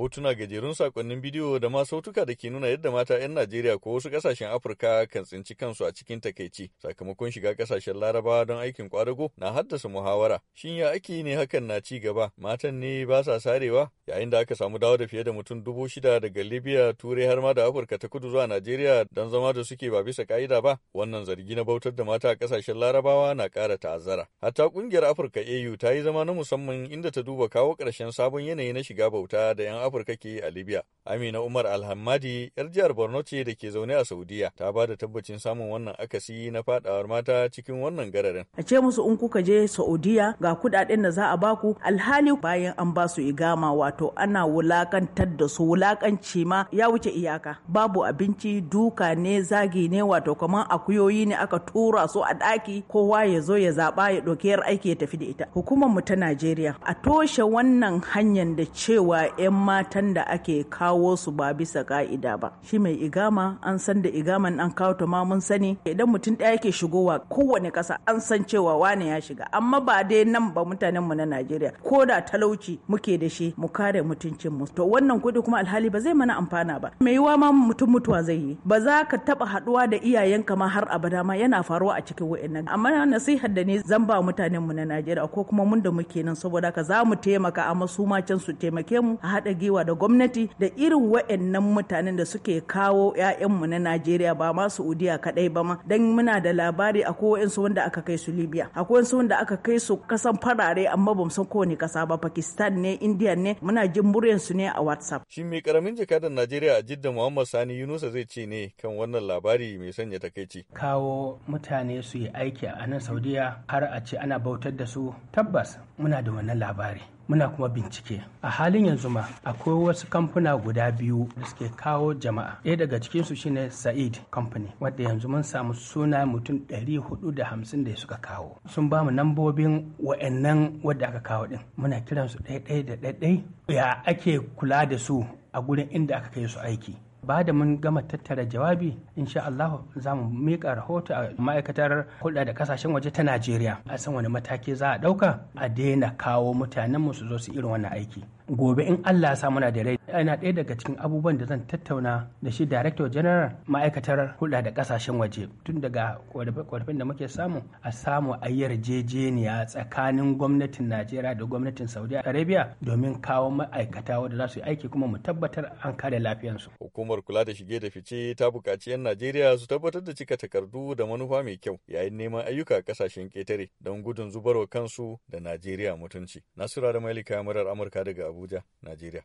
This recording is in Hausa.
hotuna gajerun sakonnin bidiyo da ma sautuka da ke nuna yadda mata 'yan Najeriya ko wasu kasashen Afirka kan tsinci kansu a cikin takaici sakamakon shiga ƙasashen Larabawa don aikin kwadago na haddasa muhawara. Shin ya ake ne hakan na ci gaba? Matan ne ba sa sarewa? yayin da aka samu dawo da fiye da mutum dubu shida daga libya turai har ma da afirka ta kudu zuwa najeriya don zama da suke ba bisa ka'ida ba wannan zargi na bautar da mata a kasashen larabawa na kara ta'azzara hatta kungiyar afirka au ta yi zama na musamman inda ta duba kawo karshen sabon yanayi na shiga bauta da 'yan afirka ke a libya amina umar alhammadi yar jihar borno ce da ke zaune a saudiya ta ba da tabbacin samun wannan akasi na fadawar mata cikin wannan gararin a ce musu in kuka je saudiya ga kudaden da za a baku alhali bayan an ba su igama wato wato ana wulakantar da su wulakanci ma ya wuce iyaka babu abinci duka ne zagi ne wato kamar akuyoyi ne aka tura su a ɗaki kowa ya zo ya zaɓa ya ɗauki yar aiki ya tafi da ita hukumar mu ta najeriya a toshe wannan hanyar da cewa 'yan matan da ake kawo su ba bisa ka'ida ba shi mai igama an san da igaman an kawo ta ma mun sani idan mutum ɗaya yake shigowa kowane kasa an san cewa wane ya shiga amma ba dai nan ba mutanen mu na najeriya ko da talauci muke da shi mu kare mutuncin mu to wannan kuɗi kuma alhali ba zai mana amfana ba mai yiwa ma mutum mutuwa zai yi ba za ka taba haɗuwa da iyayenka ma har abada ma yana faruwa a cikin wa'annan amma nasihar da ne zan ba mutanen mu na Najeriya ko kuma mun da muke nan saboda ka za mu taimaka amma su ma can su taimake mu a haɗa giwa da gwamnati da irin wayannan mutanen da suke kawo mu na Najeriya ba ma Saudiya kadai ba ma dan muna da labari akwai wa'ansu wanda aka kai su Libya akwai wa'ansu wanda aka kai su kasan farare amma bamu san kowane kasa ba Pakistan ne India ne ana jin su ne a WhatsApp. Shi mai karamin jakadan Najeriya a Jidda Muhammad Sani Yunusa zai ce ne kan wannan labari mai sanya takaici. Kawo mutane su yi aiki a nan Saudiya har a ce ana bautar da su tabbas muna da wannan labari. muna kuma bincike a halin yanzu ma akwai wasu kamfuna guda biyu da suke kawo jama'a ɗaya daga cikinsu shine sa'id company wadda yanzu mun samu suna mutum hudu da suka kawo sun ba mu nambobin wa'annan wadda aka kawo din muna kiransu ɗaya ɗaya da ɗaya ya ake kula da su a gurin inda aka kai su aiki ba da mun gama tattara jawabi insha Allah za mu miƙa rahoto a ma'aikatar hulɗa da kasashen waje ta Najeriya a san wani mataki za a ɗauka a daina kawo mutanen mu su zo su irin wannan aiki gobe in Allah ya sa muna da rai yana ɗaya daga cikin abubuwan da zan tattauna da shi director general ma'aikatar hulɗa da ƙasashen waje tun daga kwarfin da muke samu a samu a yarjejeniya tsakanin gwamnatin najeriya da gwamnatin saudi arabia domin kawo ma'aikata wadda za su yi aiki kuma mu tabbatar an kare lafiyansu hukumar kula da shige da fice ta buƙaci 'yan najeriya su tabbatar da cika takardu da manufa mai kyau yayin neman ayyuka a ƙasashen ƙetare don gudun zubarwa kansu da najeriya mutunci nasura da mailika murar amurka daga abuja najeriya